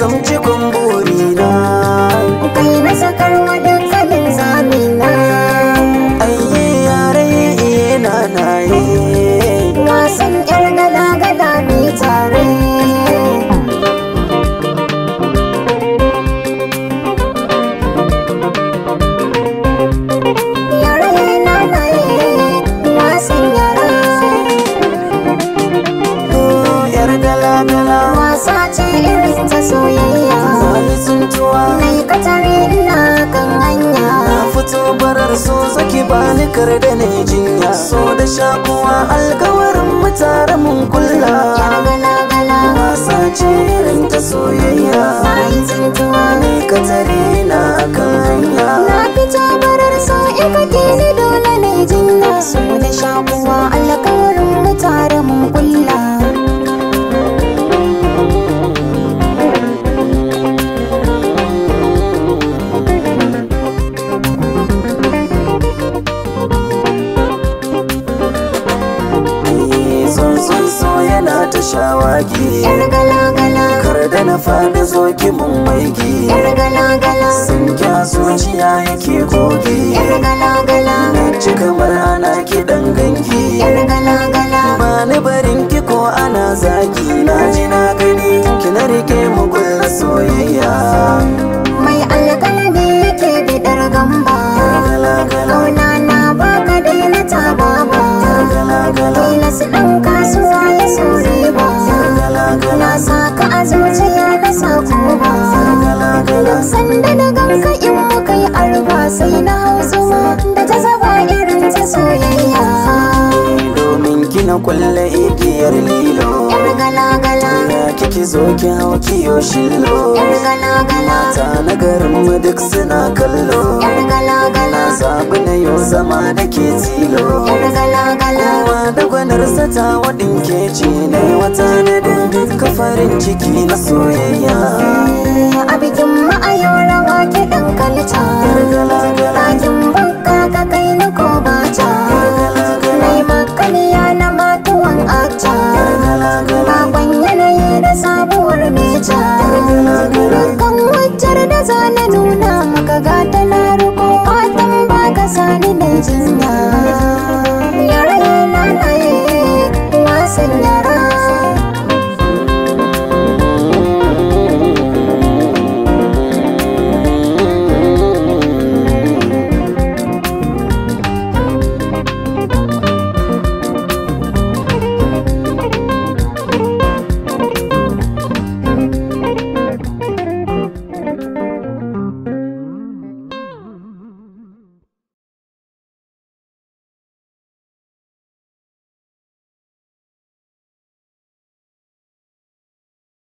zamci kumburi na kai na sakar wajen tsanin zami na ayye yare iye na naye wasan yar gada gada ni tare ce. kowa Mai katare ina kan hanya Na fito barar so saki bani kar da ne jinya So da shakuwa alkawarin mutare tare mun kulla Wasa ce irin ta soyayya Mai tsintuwa mai katare ina kan hanya na ta shawagi kar da na fada zo ki mun maiki sun kya zuciya yake kogi na ci kamar ana sanda na ganka in muka yi arba sai na hau zuma da ta zaba irin ta soyayya domin kina kulle igiyar lilo yar galagala. kiki zo ki hau kiyo shillo yar gala na garin mu duk suna kallo yar galagala. gala zaɓi na yau zama da ke tilo yar galagala. gala kowa gwanar gwanarsa ta waɗin keci ne wata na dindin farin ciki na soyayya eh, a bikin a yau wake ki dan kalca Bakin bukka ka kai ni ko baca Mai makaniya na matuwan aca Bakon yanayi na sabuwar meca Dukkan wajar da zane nuna maka gata na ruko Fatan baka sani da jinya